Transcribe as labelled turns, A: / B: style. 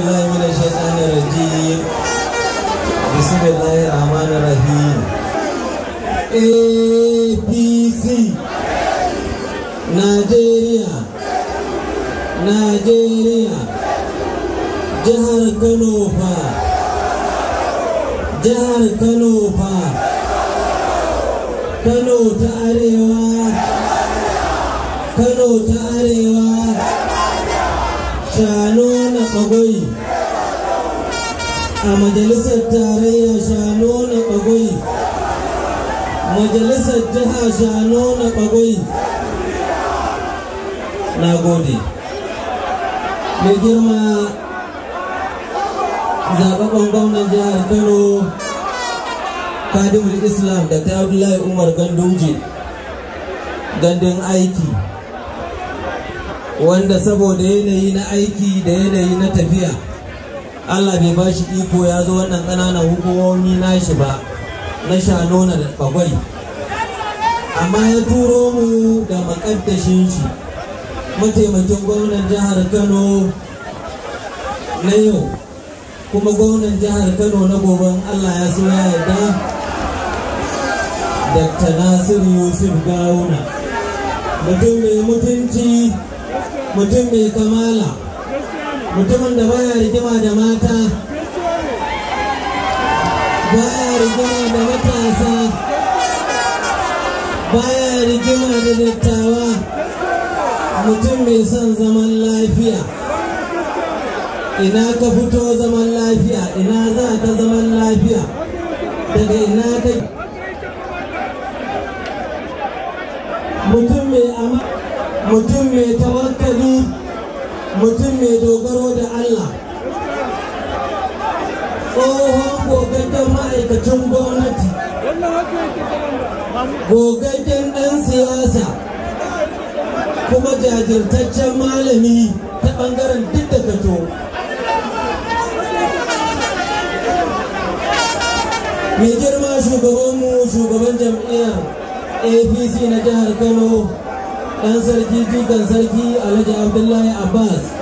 A: بالله من الشيطان الرجيم بسم الله الرحمن الرحيم APC Najeriya Najeriya Jihar Kano fa Jihar Kano fa Kano ta Arewa Kano ta Arewa shano na a majalisar tarayya shano na kagwai majalisar jiha shano na kagwai na gode mai girma zaɓaɓɓen gwamnan jihar kano kadimul islam da ta umar ganduje gandun aiki wanda saboda yanayi na aiki da yanayi na tafiya allah bai ba shi iko ya zo wannan ƙananan hukumomi shi ba na nuna da bagwai amma ya turo mu da makaddashin shi mataimakin gwamnan jihar kano na yau kuma gwamnan jihar kano na goben allah ya so ya yarda dr nasiru yusuf gawuna mutum mai mutunci mutum mai kamala mutumin da baya rigima da mata baya rigima da matasa baya rigima da dattawa mutum mai son zaman lafiya ina ka fito zaman lafiya ina za ka zaman lafiya daga ina ka mutum mai amana mutum mai tawakkali mutum mai dogaro da Allah tsohon gogaggen ma'aikacin gwamnati gogaggen ɗan siyasa kuma jajirtaccen malami ta ɓangaren duk da kato mai girma shugabanmu shugaban jam'iyyar apc na jihar kano ɗan sarki jikan sarki alhaji abdullahi abbas